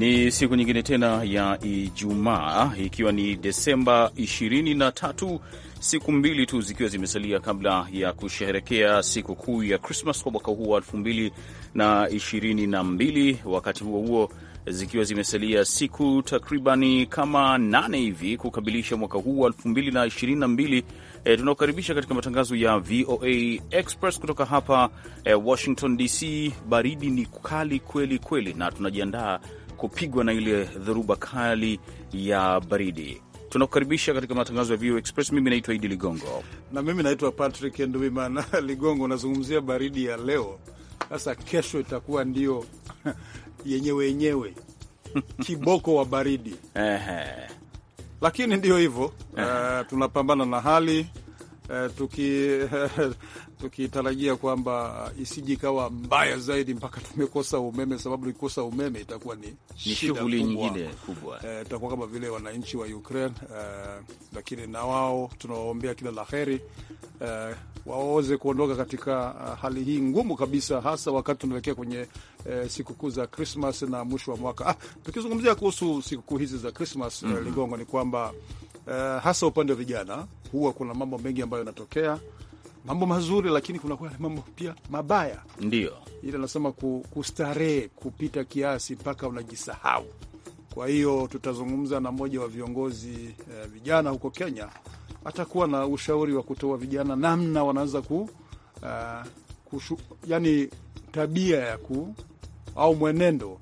Ni siku nyingine tena ya Ijumaa ikiwa ni Desemba 23, siku mbili tu zikiwa zimesalia kabla ya kusheherekea siku kuu ya Krismas kwa mwaka huu wa 2022. Wakati huo huo zikiwa zimesalia siku takribani kama nane hivi kukabilisha mwaka huu wa 2022. E, tunaokaribisha katika matangazo ya VOA Express kutoka hapa e, Washington DC. Baridi ni kali kweli kweli, na tunajiandaa kupigwa na ile dhoruba kali ya baridi. Tunakukaribisha katika matangazo ya VOA Express. Mimi naitwa Idi Ligongo na mimi naitwa Patrick Nduimana. Ligongo, unazungumzia baridi ya leo, sasa kesho itakuwa ndio yenyewe yenyewe kiboko wa baridi lakini ndio hivyo uh, tunapambana na hali uh, tuki tukitarajia kwamba uh, isiji ikawa mbaya zaidi mpaka tumekosa umeme, sababu ikosa umeme itakuwa ni shughuli nyingine kubwa, itakuwa eh, e, kama vile wananchi wa Ukraine e, lakini na wao tunawaombea kila la heri e, eh, waweze kuondoka katika uh, hali hii ngumu kabisa, hasa wakati tunaelekea kwenye e, sikukuu za Krismas na mwisho wa mwaka. Ah, tukizungumzia kuhusu sikukuu hizi za Krismas mm -hmm. Ligongo, ni kwamba e, hasa upande wa vijana huwa kuna mambo mengi ambayo yanatokea mambo mazuri, lakini kuna kwa mambo pia mabaya, ndio ile anasema kustarehe kupita kiasi mpaka unajisahau. Kwa hiyo tutazungumza na mmoja wa viongozi eh, vijana huko Kenya, atakuwa na ushauri wa kutoa vijana namna wanaweza ku uh, kushu, yani tabia ya ku au mwenendo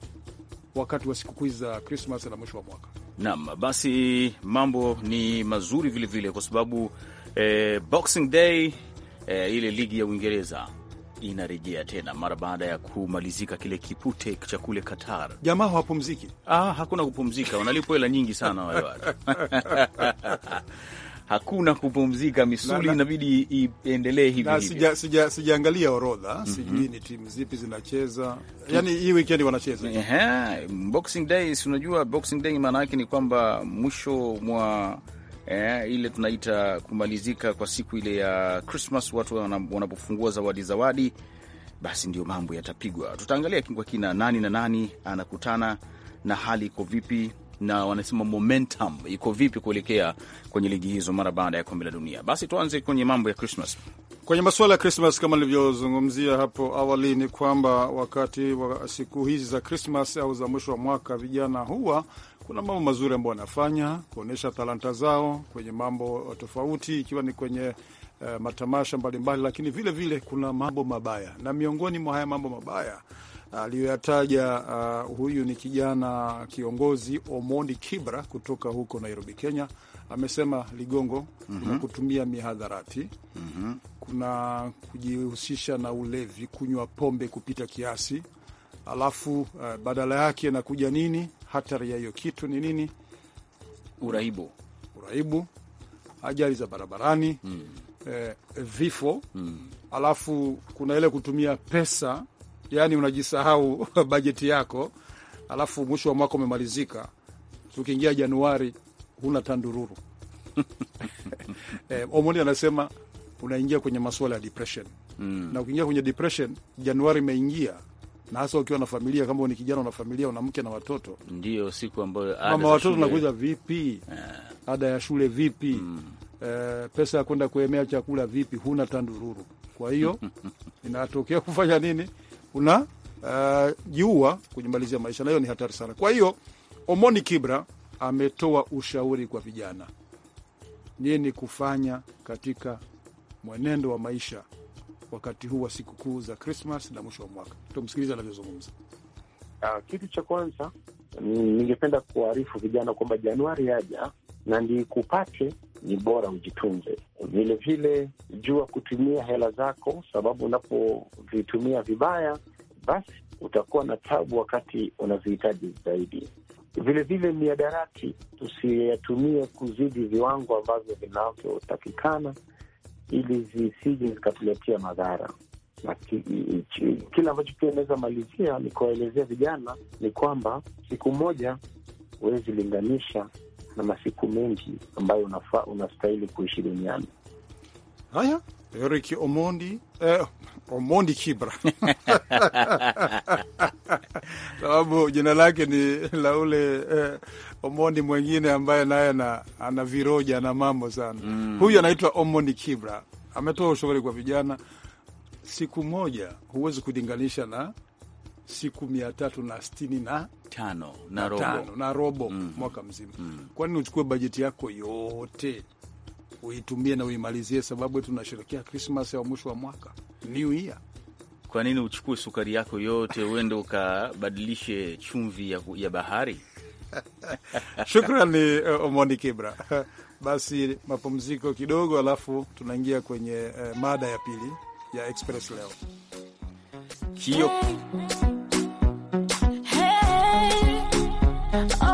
wakati wa sikukuu za Krismas na mwisho wa mwaka. Naam, basi mambo ni mazuri vilevile vile, kwa sababu eh, Boxing Day e, ile ligi ya Uingereza inarejea tena mara baada ya kumalizika kile kipute cha kule Qatar. Jamaa hawapumziki. Ah, hakuna kupumzika, wanalipo hela nyingi sana wale watu hakuna kupumzika, misuli inabidi iendelee hivi Sijaangalia Sija, sija, orodha mm -hmm. Sijui ni timu zipi zinacheza, yani hii wikendi wanacheza Boxing Day. Unajua Boxing Day maana yake ni kwamba mwisho mwa eh, ile tunaita kumalizika kwa siku ile ya Christmas, watu wanapofungua zawadi zawadi, basi ndio mambo yatapigwa. Tutaangalia kwa kina nani na nani anakutana na hali iko vipi na wanasema momentum iko vipi kuelekea kwenye ligi hizo mara baada ya kombe la dunia. Basi tuanze kwenye mambo ya Christmas. Kwenye masuala ya Krismas, kama nilivyozungumzia hapo awali, ni kwamba wakati wa siku hizi za Krismas au za mwisho wa mwaka, vijana huwa kuna mambo mazuri ambayo wanafanya kuonyesha talanta zao kwenye mambo tofauti, ikiwa ni kwenye uh, matamasha mbalimbali mbali, lakini vilevile vile kuna mambo mabaya, na miongoni mwa haya mambo mabaya eh, aliyoyataja uh, huyu ni kijana kiongozi Omondi Kibra kutoka huko Nairobi, Kenya. Amesema Ligongo, mm -hmm. kuna kutumia mihadharati mm -hmm. kuna kujihusisha na ulevi, kunywa pombe kupita kiasi, alafu uh, badala yake nakuja nini hatari ya hiyo kitu ni nini? Uraibu, uraibu, ajali za barabarani mm. e, vifo mm. alafu kuna ile kutumia pesa, yaani unajisahau bajeti yako, alafu mwisho wa mwaka umemalizika, tukiingia Januari huna tandururu eh, Omoni anasema unaingia kwenye masuala ya depression mm. na ukiingia kwenye depression, Januari imeingia na hasa ukiwa na familia, kama ni kijana na familia, una mke na watoto, ndio siku ambayo mama watoto nakuiza vipi? Yeah. ada ya shule vipi? mm. E, pesa ya kwenda kuemea chakula vipi? Huna tandururu, kwa hiyo inatokea kufanya nini? una Uh, jiua kujimalizia maisha, na hiyo ni hatari sana. Kwa hiyo Omoni Kibra ametoa ushauri kwa vijana nini kufanya katika mwenendo wa maisha wakati huu wa sikukuu za Krismas na mwisho wa mwaka. Tumsikiliza anavyozungumza. Uh, kitu cha kwanza ningependa kuwaarifu vijana kwamba Januari yaja na ndi kupate ni bora ujitunze. vilevile vile jua kutumia hela zako, sababu unapovitumia vibaya, basi utakuwa na tabu wakati unazihitaji zaidi. Vile ni miadarati tusiyatumie kuzidi viwango ambavyo vinavyotakikana, ili zisije zikatuletea madhara. Kile ambacho pia inaweza malizia ni kuwaelezea vijana ni kwamba siku moja huwezi linganisha na masiku mengi ambayo unafaa unastahili kuishi duniani. Haya, Eric Omondi eh, Omondi Kibra sababu jina lake ni la ule eh, Omoni mwengine ambaye naye ana viroja na mambo sana mm. Huyu anaitwa Omoni Kibra, ametoa ushauri kwa vijana. Siku moja huwezi kulinganisha na siku mia tatu na sitini na tano na robo, tano, na robo mm. mwaka mzima mm. Kwani uchukue bajeti yako yote uitumie na uimalizie, sababu tunasherekea Krismas ya mwisho wa mwaka, new year kwa nini uchukue sukari yako yote uende ukabadilishe chumvi ya, ya bahari? Shukrani eh, Omoni Kibra. Basi mapumziko kidogo, alafu tunaingia kwenye uh, mada ya pili ya Express leo Hey, hey, oh.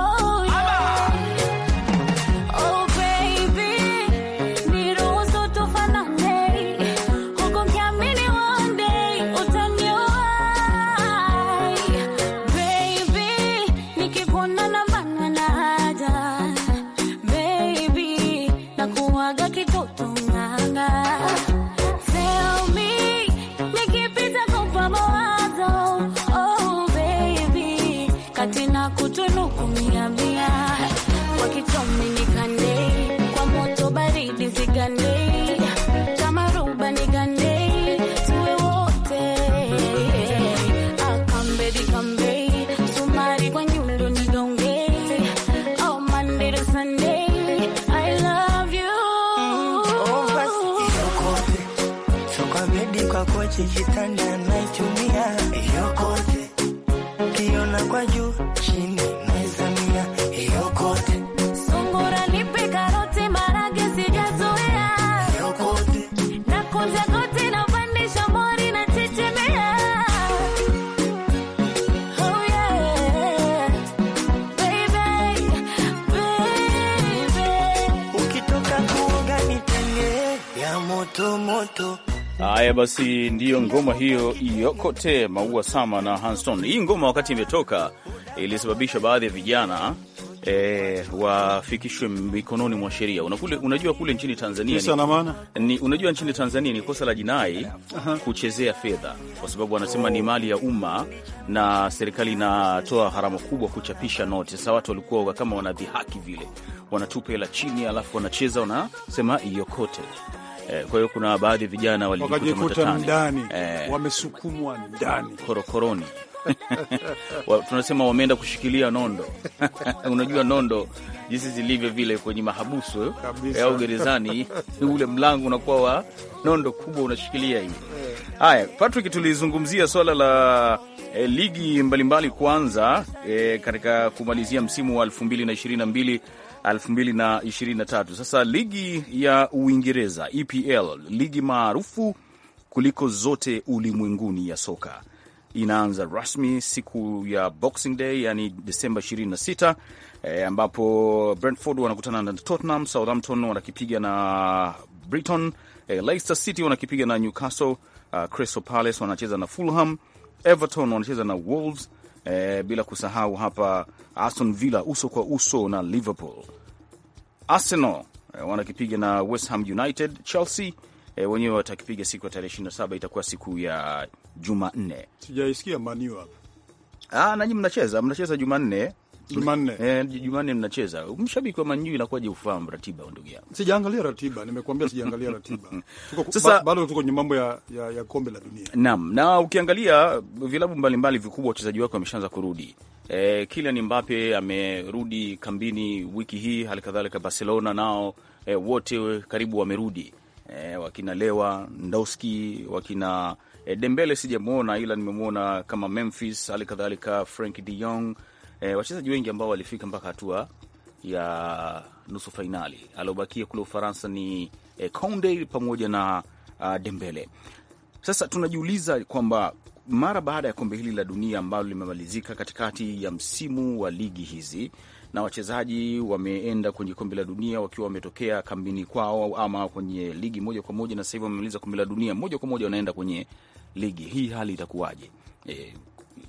kitanda Haya basi, ndiyo ngoma hiyo Iyokote Maua Sama na Hanston. Hii ngoma wakati imetoka ilisababisha baadhi ya vijana E, wafikishwe mikononi mwa sheria. Unajua kule nchini Tanzania ni, ni, unajua nchini Tanzania ni kosa la jinai kuchezea fedha, kwa sababu wanasema oh, ni mali ya umma na serikali inatoa gharama kubwa kuchapisha noti. Sasa watu walikuwa kama wanadhihaki vile, wanatupa hela chini, alafu wanacheza, wanasema iokote Eh, kwa hiyo kuna baadhi ya vijana walijikuta ndani eh, wamesukumwa ndani korokoroni tunasema wameenda kushikilia nondo unajua nondo jinsi zilivyo vile kwenye mahabusu eh? au gerezani, ule mlango unakuwa wa nondo kubwa unashikilia hivi. Eh. Haya, Patrick, tulizungumzia swala la e, ligi mbalimbali kwanza katika kumalizia msimu wa 2022 2023. Sasa ligi ya Uingereza EPL, ligi maarufu kuliko zote ulimwenguni ya soka inaanza rasmi siku ya Boxing Day, yani Desemba 26, e, ambapo Brentford wanakutana na Tottenham, Southampton wanakipiga na Brighton, e, Leicester City wanakipiga na Newcastle, uh, Crystal Palace wanacheza na Fulham, Everton wanacheza na Wolves, e, bila kusahau hapa Aston Villa uso kwa uso na Liverpool. Arsenal eh, wanakipiga na West Ham United. Chelsea e, wenyewe watakipiga siku ya tarehe saba itakuwa siku ya Jumanne. Sijaisikia maniu Ah, nanyi mnacheza mnacheza Jumanne Jumanne. Eh, Jumanne mnacheza. Mshabiki wa Manyu inakuwaje ufahamu ratiba ndugu yangu? Sijaangalia ratiba, nimekuambia sijaangalia ratiba. Tuko sasa bado tuko kwenye mambo ya, ya, ya kombe la dunia. Naam, na ukiangalia vilabu mbalimbali vikubwa wachezaji wake wameshaanza kurudi. Eh, Kylian Mbappe amerudi kambini wiki hii, halikadhalika Barcelona nao eh, wote karibu wamerudi. Eh, wakina Lewa, Ndoski, wakina eh, Dembele sijamwona ila nimemwona kama Memphis, halikadhalika Frank De Jong E, wachezaji wengi ambao walifika mpaka hatua ya nusu fainali aliobakia kule Ufaransa ni e, eh, Conde pamoja na a, ah, Dembele. Sasa tunajiuliza kwamba mara baada ya kombe hili la dunia ambalo limemalizika katikati ya msimu wa ligi hizi na wachezaji wameenda kwenye kombe la dunia wakiwa wametokea kambini kwao ama kwenye ligi moja kwa moja, na sasa hivi wamemaliza kombe la dunia moja kwa moja wanaenda kwenye ligi hii, hali itakuwaje? E,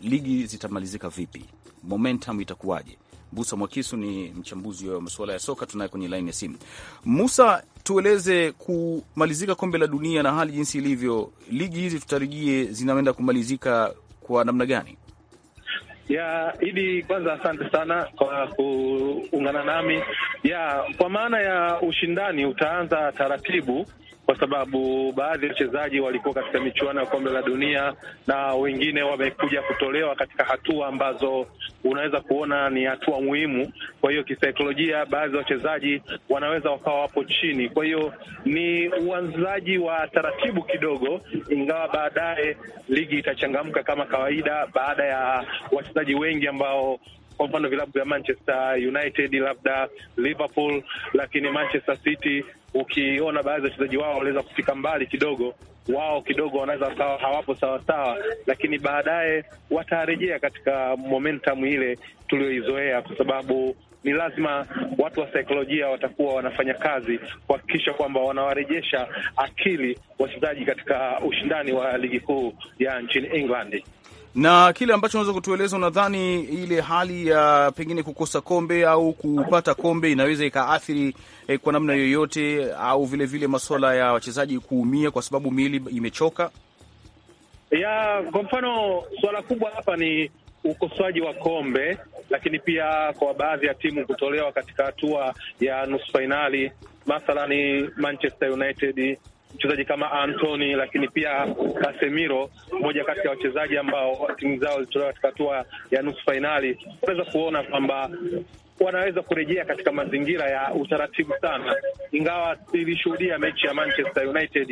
ligi zitamalizika vipi? momentum itakuwaje? Busa Mwakisu ni mchambuzi wa masuala ya soka, tunaye kwenye laini ya simu. Musa, tueleze kumalizika kombe la dunia na hali jinsi ilivyo, ligi hizi tutarajie zinaenda kumalizika kwa namna gani? ya Idi, kwanza asante sana kwa kuungana nami ya, kwa maana ya ushindani utaanza taratibu kwa sababu baadhi ya wachezaji walikuwa katika michuano ya kombe la dunia na wengine wamekuja kutolewa katika hatua ambazo unaweza kuona ni hatua muhimu. Kwa hiyo kisaikolojia, baadhi ya wachezaji wanaweza wakawa wapo chini. Kwa hiyo ni uanzaji wa taratibu kidogo, ingawa baadaye ligi itachangamka kama kawaida baada ya wachezaji wengi ambao kwa mfano vilabu vya Manchester United, labda Liverpool, lakini Manchester City ukiona baadhi ya wachezaji wao waliweza kufika mbali kidogo, wao kidogo wanaweza sawa, hawapo sawasawa, lakini baadaye watarejea katika momentum ile tuliyoizoea, kwa sababu ni lazima watu wa saikolojia watakuwa wanafanya kazi kuhakikisha kwamba wanawarejesha akili wachezaji katika ushindani wa ligi kuu ya nchini England na kile ambacho unaweza kutueleza, unadhani ile hali ya pengine kukosa kombe au kupata kombe inaweza ikaathiri eh, kwa namna yoyote au vilevile masuala ya wachezaji kuumia kwa sababu miili imechoka? Ya, kwa mfano suala kubwa hapa ni ukosoaji wa kombe, lakini pia kwa baadhi ya timu kutolewa katika hatua ya nusu fainali, mathalani Manchester United mchezaji kama antoni lakini pia Casemiro, mmoja kati ya wachezaji ambao timu zao zilitolewa katika hatua ya nusu fainali, unaweza kuona kwamba wanaweza kurejea katika mazingira ya utaratibu sana, ingawa ilishuhudia mechi ya Manchester United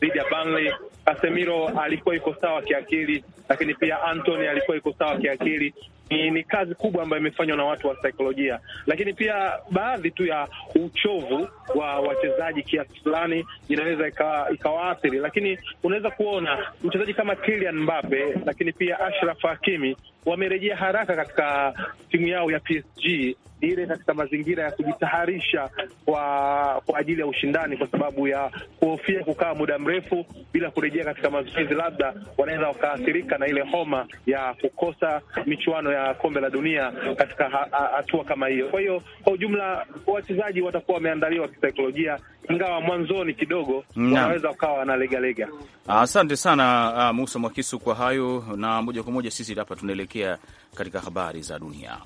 dhidi ya Burnley, Casemiro alikuwa iko sawa kiakili, lakini pia Antony alikuwa iko sawa kiakili, ni, ni kazi kubwa ambayo imefanywa na watu wa saikolojia, lakini pia baadhi tu ya uchovu wa wachezaji kiasi fulani inaweza ikawaathiri, lakini unaweza kuona mchezaji kama Kylian Mbappe, lakini pia Ashraf Hakimi wamerejea haraka katika timu yao ya PSG ile katika mazingira ya kujitaharisha kwa kwa ajili ya ushindani, kwa sababu ya kuhofia kukaa muda mrefu bila kurejea katika mazoezi, labda wanaweza wakaathirika na ile homa ya kukosa michuano ya ya kombe la dunia katika hatua kama hiyo. Kwa hiyo kwa ujumla, wachezaji watakuwa wameandaliwa kisaikolojia, ingawa mwanzoni kidogo wanaweza ukawa wanalegalega. Asante sana uh, Musa Mwakisu kwa hayo, na moja kwa moja sisi hapa tunaelekea katika habari za dunia.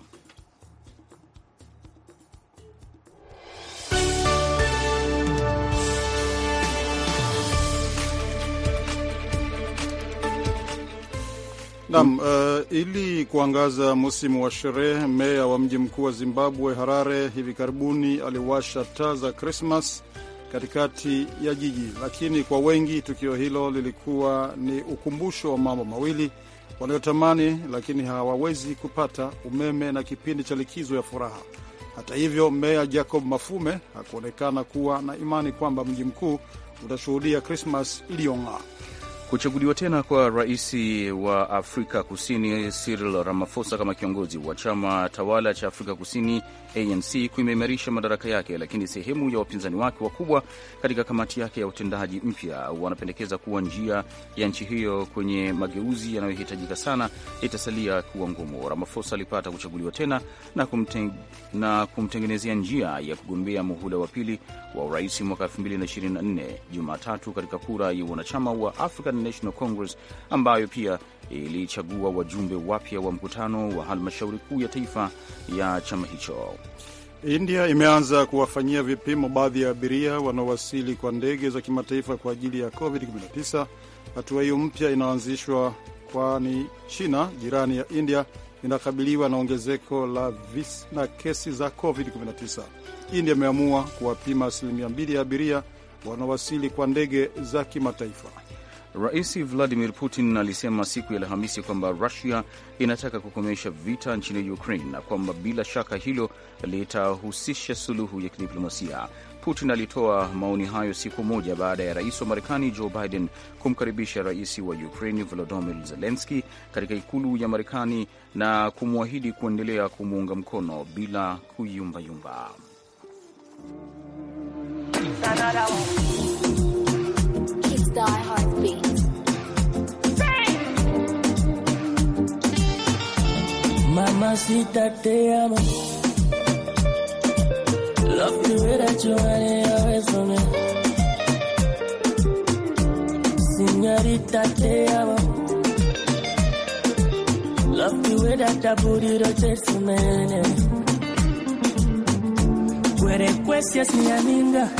Naam, uh, ili kuangaza msimu wa sherehe, meya wa mji mkuu wa Zimbabwe Harare hivi karibuni aliwasha taa za Krismas katikati ya jiji, lakini kwa wengi tukio hilo lilikuwa ni ukumbusho wa mambo mawili waliotamani lakini hawawezi kupata: umeme na kipindi cha likizo ya furaha. Hata hivyo, meya Jacob Mafume hakuonekana kuwa na imani kwamba mji mkuu utashuhudia Krismas iliyong'aa. Kuchaguliwa tena kwa rais wa Afrika Kusini Cyril Ramaphosa kama kiongozi wa chama tawala cha Afrika Kusini ANC kumeimarisha madaraka yake, lakini sehemu ya wapinzani wake wakubwa katika kamati yake ya utendaji mpya wanapendekeza kuwa njia ya nchi hiyo kwenye mageuzi yanayohitajika sana itasalia kuwa ngumu. Ramaphosa alipata kuchaguliwa tena na, kumteng na kumtengenezea njia ya kugombea muhula wa pili wa urais mwaka 2024 Jumatatu katika kura ya wanachama wa African National Congress ambayo pia ilichagua wajumbe wapya wa mkutano wa halmashauri kuu ya taifa ya chama hicho. India imeanza kuwafanyia vipimo baadhi ya abiria wanaowasili kwa ndege za kimataifa kwa ajili ya COVID-19. Hatua hiyo mpya inaanzishwa kwani China jirani ya India inakabiliwa na ongezeko la visa na kesi za COVID-19. India imeamua kuwapima asilimia mbili ya abiria wanaowasili kwa ndege za kimataifa. Rais Vladimir Putin alisema siku ya Alhamisi kwamba Rusia inataka kukomesha vita nchini Ukraine na kwamba bila shaka hilo litahusisha suluhu ya kidiplomasia. Putin alitoa maoni hayo siku moja baada ya rais wa Marekani Joe Biden kumkaribisha rais wa Ukraini Volodymyr Zelenski katika ikulu ya Marekani na kumwahidi kuendelea kumuunga mkono bila kuyumbayumba. Mamacita, te amo. Love you without you any away from me. Señorita, te amo. Love you without that booty rotates me. Where es mi amiga.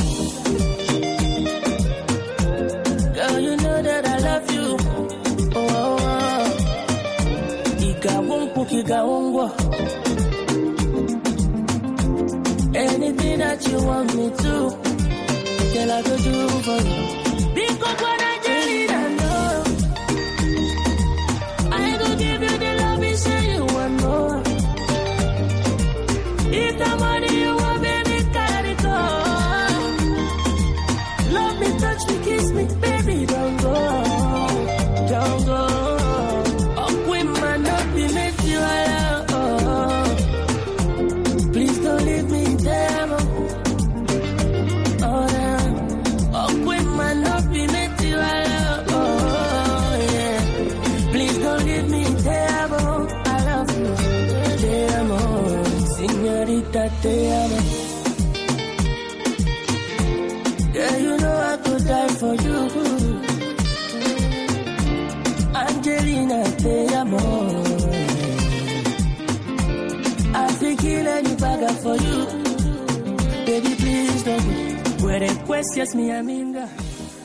Girl, you know that I love you. kukigaungwa. Anything that you want me to, girl, I go do for you.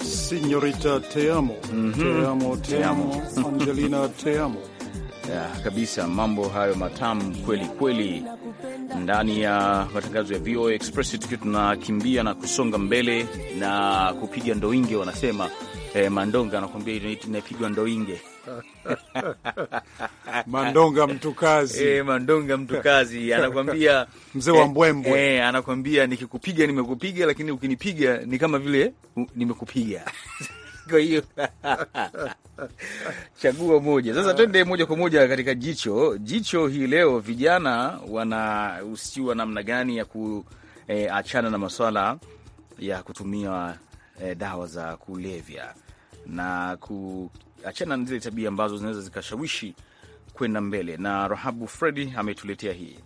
Signorita Teamo, mm -hmm. Teamo, Teamo, Angelina Teamo Haya kabisa, mambo hayo matamu kweli kweli, ndani ya matangazo ya VOA Express, tukiwa tunakimbia na kusonga mbele na kupiga ndoinge. Wanasema eh, Mandonga anakuambia inapigwa ndoinge Mandonga mtu kazi e, eh, Mandonga mtu kazi anakwambia mzee wa eh, mbwembwe e, eh, anakwambia nikikupiga nimekupiga, lakini ukinipiga ni kama vile nimekupiga kwa hiyo chagua moja sasa. Twende moja kwa moja katika jicho jicho hii leo, vijana wanahusiwa namna gani ya kuachana e, na maswala ya kutumia e, dawa za kulevya na kuachana na zile tabia ambazo zinaweza zikashawishi kwenda mbele, na Rahabu Fredi ametuletea hii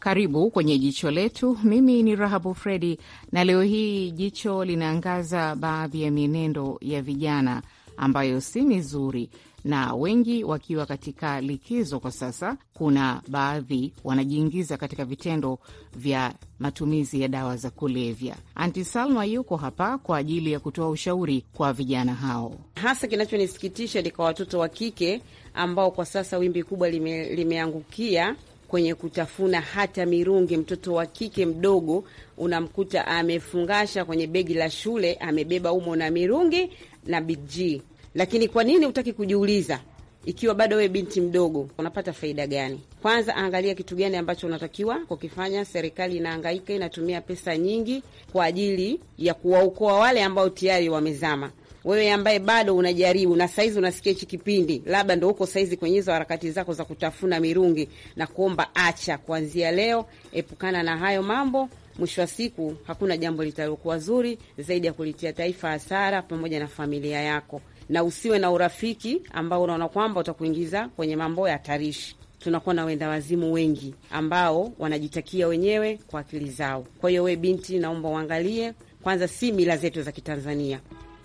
karibu kwenye jicho letu. Mimi ni Rahabu Fredi, na leo hii jicho linaangaza baadhi ya mienendo ya vijana ambayo si mizuri, na wengi wakiwa katika likizo kwa sasa. Kuna baadhi wanajiingiza katika vitendo vya matumizi ya dawa za kulevya. Anti Salma yuko hapa kwa ajili ya kutoa ushauri kwa vijana hao. Hasa kinachonisikitisha ni kwa watoto wa kike ambao kwa sasa wimbi kubwa lime, limeangukia kwenye kutafuna hata mirungi. Mtoto wa kike mdogo unamkuta amefungasha kwenye begi la shule, amebeba umo na mirungi na biji. Lakini kwa nini utaki kujiuliza ikiwa bado wewe binti mdogo unapata faida gani? Kwanza angalia kitu gani ambacho unatakiwa kukifanya. Serikali inahangaika, inatumia pesa nyingi kwa ajili ya kuwaokoa wale ambao tayari wamezama wewe ambaye bado unajaribu na saizi unasikia hichi kipindi, labda ndo uko saizi kwenye hizo harakati zako za kutafuna mirungi, na kuomba acha, kuanzia leo epukana na hayo mambo. Mwisho wa siku hakuna jambo litalokuwa zuri zaidi ya kulitia taifa hasara pamoja na familia yako, na usiwe na urafiki ambao unaona kwamba utakuingiza kwenye mambo ya hatarishi. Tunakuwa na wenda wazimu wengi ambao wanajitakia wenyewe kwa akili zao. Kwa hiyo we binti, naomba uangalie kwanza, si mila zetu za Kitanzania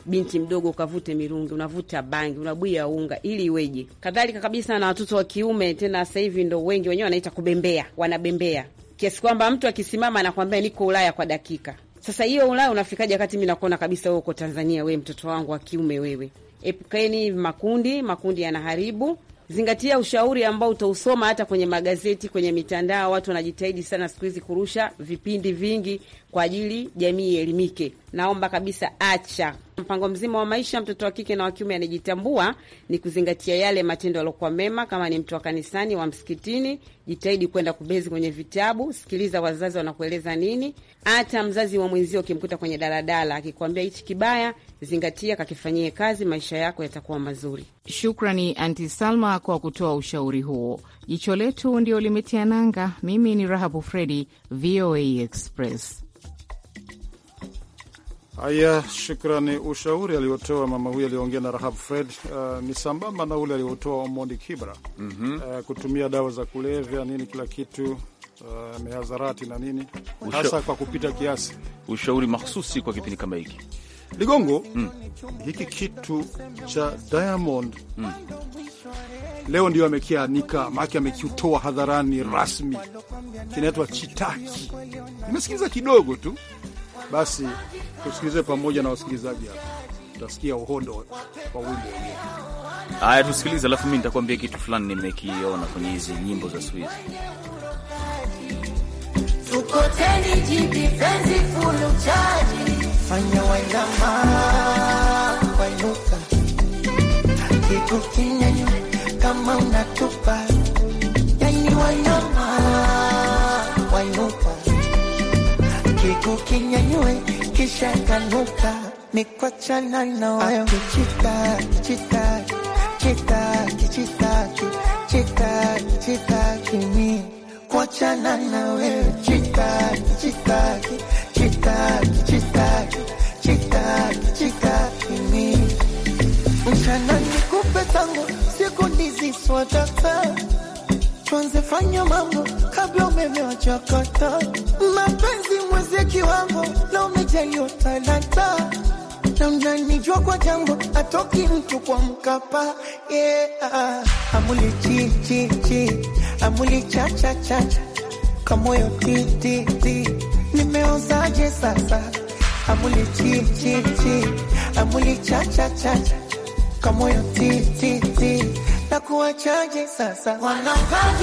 binti mdogo ukavute mirungi, unavuta bangi, unabwia unga, ili iweje? Kadhalika kabisa na watoto wa kiume tena, sasa hivi ndo wengi wenyewe wanaita kubembea, wanabembea kiasi kwamba mtu akisimama anakwambia niko Ulaya kwa dakika. Sasa hiyo Ulaya unafikaje wakati mi nakuona kabisa wewe uko Tanzania? Wewe mtoto wangu wa kiume wewe, epukeni makundi, makundi yanaharibu Zingatia ushauri ambao utausoma hata kwenye magazeti, kwenye mitandao. Watu wanajitahidi sana siku hizi kurusha vipindi vingi kwa ajili jamii ielimike. Naomba kabisa, acha Mpango mzima wa maisha mtoto wa kike na wa kiume anajitambua ni kuzingatia yale matendo yaliokuwa mema. Kama ni mtu wa kanisani, wa msikitini, jitahidi kwenda kubezi kwenye vitabu, sikiliza wazazi wanakueleza nini. Hata mzazi wa mwenzio ukimkuta kwenye daladala akikuambia hichi kibaya, zingatia, kakifanyie kazi, maisha yako yatakuwa mazuri. Shukrani Anti Salma kwa kutoa ushauri huo. Jicho letu ndio limetia nanga. Mimi ni Rahabu Fredi, VOA Express. Haya, shukrani. Ushauri aliotoa mama huyu aliongea na Rahab Fred uh, ni sambamba na ule aliotoa Omondi Kibra mm -hmm. uh, kutumia dawa za kulevya nini kila kitu Uh, mihadharati na nini hasa kwa kupita kiasi, ushauri mahsusi kwa kipindi kama hiki Ligongo mm. hiki kitu cha Diamond mm. leo ndio amekianika maake amekiutoa hadharani mm. rasmi, kinaitwa chitaki. Nimesikiliza kidogo tu basi tusikilize pamoja na wasikilizaji hapa, tutasikia uhondo wa wimbo wenyewe. Haya, tusikilize, alafu mi nitakuambia kitu fulani nimekiona kwenye hizi nyimbo za Swizi. Tukoteni jipi penzi fulu chaji fanya wanyama wainuka, kitu kinyanyua kama unatupa kisha kanguka, nikuachana na wewe kichita kichita kichita kichita kichita kichita chini, kuachana na wewe kichita kichita kichita kichita kichita kichita chini, mchana nikupe tangu siku ndizi swatata tuanze fanya mambo kabla umeme wa chakata mapenzi mweze wangu na umejaliwa talanta na mnanijua kwa jambo atoki mtu kwa mkapa yeah. amuli chi chi chi amuli cha cha cha kamoyo ti ti ti nimeozaje sasa amuli chi chi chi amuli cha cha cha kamoyo ti ti ti itakuwachaje sasa? Wanafaa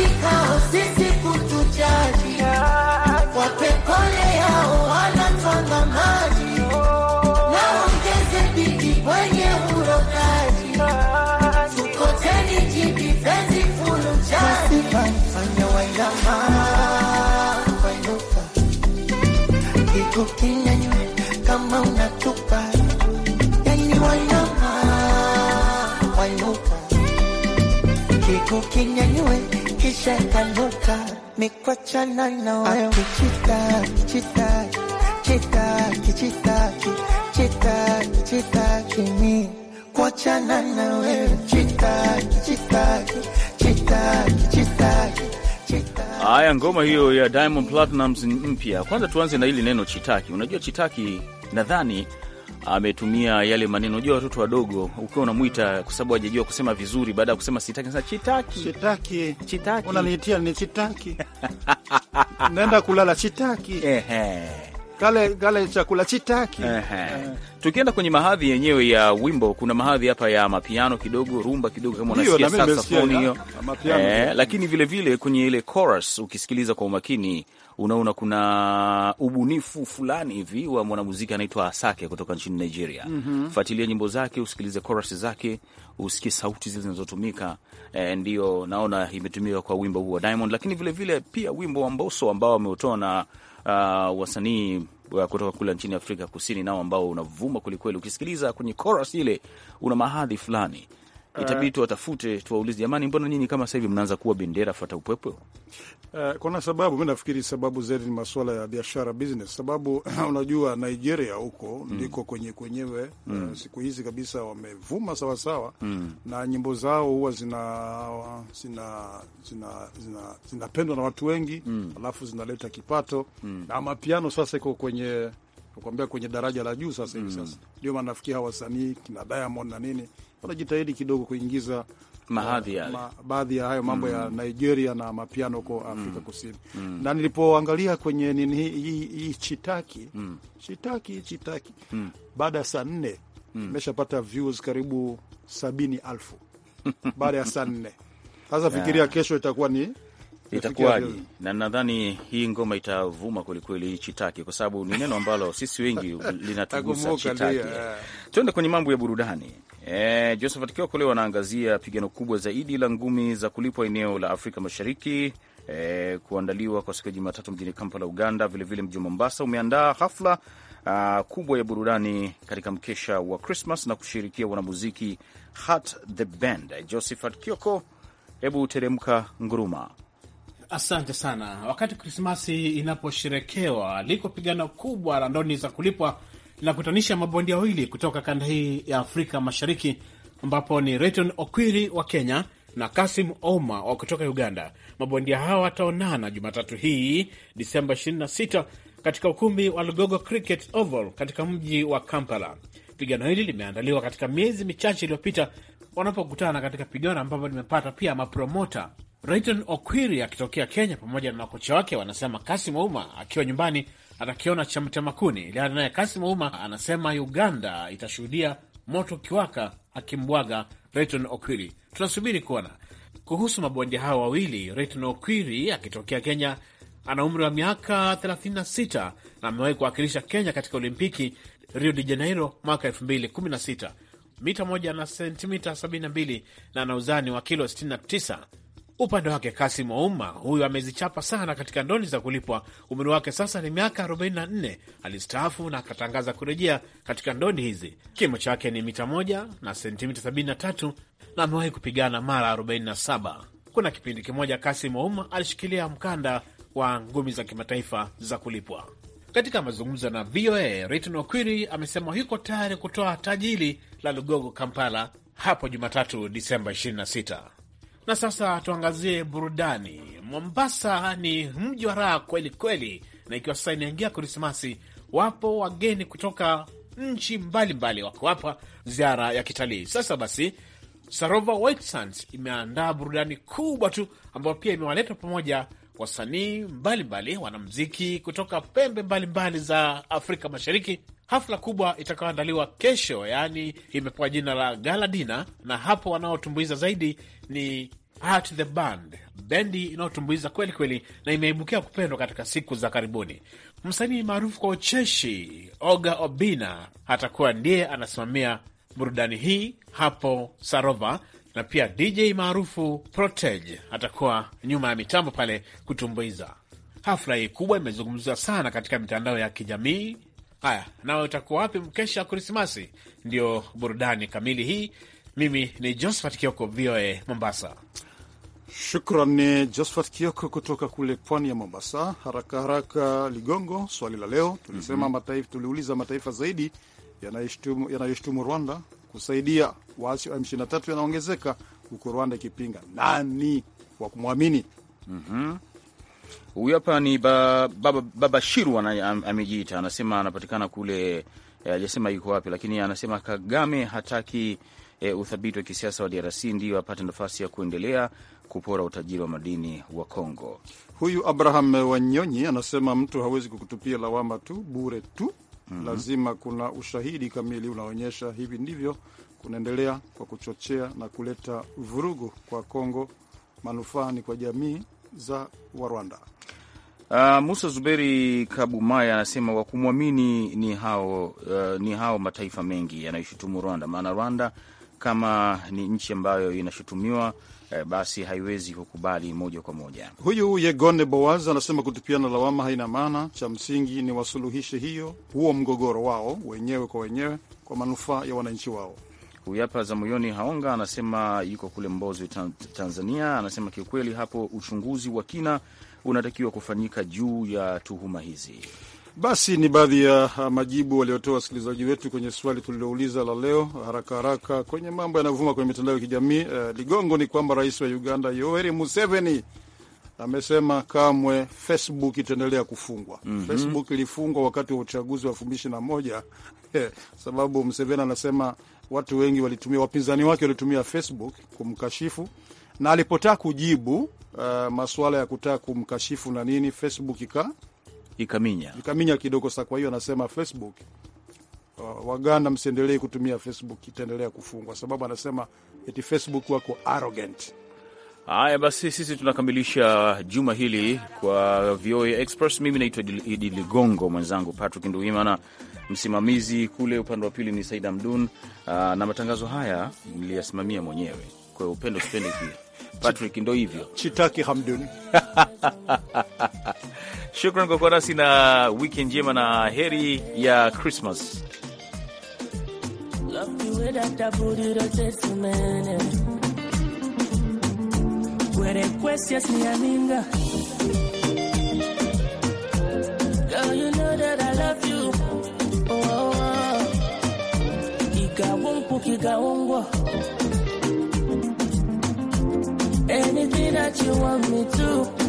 sisi kutujaji, wape pole yao wanatwanga maji na ongeze bidi kwenye urogaji, tukoteni jibi penzi fulujaji fanya wailama kwainuka kikukinyanywe kama unatupa kisha mikwachana na wewe ah. na wewe Haya, ngoma hiyo ya Diamond Platnumz ni mpya. Kwanza tuanze na hili neno chitaki. Unajua chitaki nadhani ametumia yale maneno. Unajua watoto wadogo ukiwa unamwita kwa sababu hajajua kusema vizuri, baada ya kusema sitaki sasa chitaki, chitaki, chitaki, unaniitia ni chitaki naenda kulala chitaki, ehe kale kale chakula chitaki. Eh. Tukienda kwenye mahadhi yenyewe ya wimbo, kuna mahadhi hapa ya mapiano kidogo, rumba kidogo, kama unasikia saxofoni hiyo, eh, lakini vilevile kwenye ile chorus ukisikiliza kwa umakini unaona kuna ubunifu fulani hivi wa mwanamuziki anaitwa Asake kutoka nchini Nigeria. mm -hmm. Fuatilia nyimbo zake, usikilize chorus zake, usikie sauti zile zinazotumika. E, ndio naona imetumika kwa wimbo huu wa Diamond, lakini vilevile vile pia wimbo wa mboso ambao ameutoa na uh, wasanii kutoka kule nchini Afrika Kusini, nao ambao unavuma kwelikweli. Ukisikiliza kwenye chorus ile, una mahadhi fulani itabidi eh, tuwatafute tuwaulize, jamani, mbona nyinyi kama sasa hivi mnaanza kuwa bendera fata upwepwe? Uh, kuna sababu. Mi nafikiri sababu zaidi ni masuala ya biashara business, sababu unajua Nigeria huko mm. ndiko kwenye kwenyewe eh, mm. uh, siku hizi kabisa wamevuma sawasawa mm. na nyimbo zao huwa zinapendwa zina, zina, zina, zina, zina na watu wengi mm. alafu zinaleta kipato mm. na mapiano sasa iko kwenye kuambia kwenye daraja la juu sasa hivi mm. Sasa ndio maana nafikiri hawa wasanii kina Diamond na nini wanajitahidi kidogo kuingiza uh, baadhi ya, ma, ya hayo mambo mm. ya Nigeria na mapiano huko mm. Afrika mm. Kusini mm. na nilipoangalia kwenye nini hii chitaki mm. chitaki chitaki mm. baada ya saa nne imeshapata mm. views karibu sabini alfu baada ya saa nne sasa yeah. Fikiria kesho itakuwa ni itakuwaje? Na nadhani hii ngoma itavuma kwelikweli, chitake, kwa sababu ni neno ambalo sisi wengi linatugusa chitake. Tuende kwenye mambo ya burudani. E, Josephat Kioko leo anaangazia pigano kubwa zaidi la ngumi za kulipwa eneo la Afrika Mashariki e, kuandaliwa kwa siku ya Jumatatu mjini Kampala, Uganda. Vilevile mji wa Mombasa umeandaa hafla Uh, kubwa ya burudani katika mkesha wa Christmas na kushirikia wanamuziki Hat the Band. Josephat Kioko, hebu teremka nguruma. Asante sana. Wakati Krismasi inaposherekewa, liko pigano kubwa la ndoni za kulipwa linakutanisha mabondia wawili kutoka kanda hii ya Afrika Mashariki, ambapo ni Rayton Okwiri wa Kenya na Kasim Oma wa kutoka Uganda. Mabondia hawa wataonana Jumatatu hii Disemba 26 katika ukumbi wa Lugogo Cricket Oval katika mji wa Kampala. Pigano hili limeandaliwa katika miezi michache iliyopita wanapokutana katika pigano ambapo limepata pia mapromota Rayton Okwiri akitokea Kenya pamoja na makocha wake wanasema Kasim Ouma akiwa nyumbani atakiona cha mtemakuni, ila naye Kasim Ouma anasema Uganda itashuhudia moto kiwaka akimbwaga Rayton Okwiri. Tunasubiri kuona kuhusu mabondia hao wawili. Rayton Okwiri akitokea Kenya ana umri wa miaka 36 na amewahi kuwakilisha Kenya katika Olimpiki Rio de Janeiro mwaka 2016 mita moja na sentimita 72 na ana uzani wa kilo 69. Upande wake Kasim Ouma huyu amezichapa sana katika ndoni za kulipwa. Umri wake sasa ni miaka 44. Alistaafu na akatangaza kurejea katika ndoni hizi. Kimo chake ni mita 1 na sentimita 73 na amewahi kupigana mara 47. Kuna kipindi kimoja Kasim Ouma alishikilia mkanda wa ngumi za kimataifa za kulipwa. Katika mazungumzo na VOA, Riton Okwiri amesema yuko tayari kutoa taji hili la Lugogo Kampala hapo Jumatatu, Disemba 26. Na sasa tuangazie burudani. Mombasa ni mji wa raha kweli kweli, na ikiwa sasa inaingia Krismasi, wapo wageni kutoka nchi mbalimbali wako hapa ziara ya kitalii. Sasa basi, Sarova White Sands imeandaa burudani kubwa tu ambayo pia imewaleta pamoja wasanii mbalimbali, wanamziki kutoka pembe mbalimbali mbali za Afrika Mashariki. Hafla kubwa itakayoandaliwa kesho, yaani imepewa jina la Galadina, na hapo wanaotumbuiza zaidi ni Heart the Band, bendi inayotumbuiza kweli kweli na imeibukia kupendwa katika siku za karibuni. Msanii maarufu kwa ucheshi Oga Obina atakuwa ndiye anasimamia burudani hii hapo Sarova, na pia DJ maarufu Protege atakuwa nyuma ya mitambo pale kutumbuiza. Hafla hii kubwa imezungumzwa sana katika mitandao ya kijamii. Haya, nawe utakuwa wapi mkesha wa Krismasi? Ndiyo burudani kamili hii. Mimi ni Josephat Kioko, VOA Mombasa. Shukrani Josephat Kioko kutoka kule pwani ya Mombasa. Haraka haraka, Ligongo, swali la leo tulisema mm -hmm. mataifa, tuliuliza mataifa zaidi yanayoshtumu Rwanda kusaidia waasi wa M23 yanaongezeka huko Rwanda ikipinga nani wa kumwamini? mm -hmm. Huyu hapa ni ba, baba, baba Shiru am, amejiita anasema anapatikana kule, eh, hajasema yuko wapi, lakini anasema Kagame hataki e, uthabiti wa kisiasa wa DRC ndiyo apate nafasi ya kuendelea kupora utajiri wa madini wa Kongo. Huyu Abraham Wanyonyi anasema mtu hawezi kukutupia lawama tu bure tu mm -hmm. Lazima kuna ushahidi kamili unaonyesha hivi ndivyo kunaendelea kwa kuchochea na kuleta vurugu kwa Kongo, manufaa ni kwa jamii za Warwanda. Uh, ah, Musa Zuberi Kabumaya anasema wa kumwamini ni hao, uh, ni hao mataifa mengi yanayoshutumu Rwanda, maana Rwanda kama ni nchi ambayo inashutumiwa eh, basi haiwezi kukubali moja kwa moja. Huyu Yegone Boaz anasema kutupiana lawama haina maana, cha msingi ni wasuluhishe hiyo huo mgogoro wao wenyewe kwa wenyewe kwa manufaa ya wananchi wao. Huyu hapa Zamuyoni Haonga anasema yuko kule Mbozi, Tanzania. Anasema kiukweli hapo uchunguzi wa kina unatakiwa kufanyika juu ya tuhuma hizi. Basi ni baadhi ya ah, majibu waliotoa wasikilizaji wetu kwenye swali tulilouliza la leo, haraka haraka, kwenye mambo yanayovuma kwenye mitandao ya kijamii. Eh, Ligongo, ni kwamba rais wa Uganda Yoweri Museveni amesema kamwe Facebook itaendelea kufungwa. mm -hmm. Facebook ilifungwa wakati wa uchaguzi wa elfu mbili ishirini na moja eh, sababu Museveni anasema watu wengi walitumia, wapinzani wake walitumia Facebook kumkashifu na alipotaka kujibu uh, eh, masuala ya kutaka kumkashifu na nini, Facebook ika Ikaminya, Ikaminya kidogo sa. Kwa hiyo anasema Facebook uh, Waganda msiendelee kutumia Facebook, itaendelea kufungwa sababu anasema eti Facebook wako arrogant. Haya basi, sisi tunakamilisha juma hili kwa VOA Express. Mimi naitwa Idi Ligongo, mwenzangu Patrick Nduimana, msimamizi kule upande wa pili ni Said Mdun. Uh, na matangazo haya niliyasimamia mwenyewe kwa upendo spendeki Patrick, ndo hivyo chitaki Hamdun Shukran kwa kuwa nasi na wiki njema na heri ya Krismas. Oh, Anything that you want me to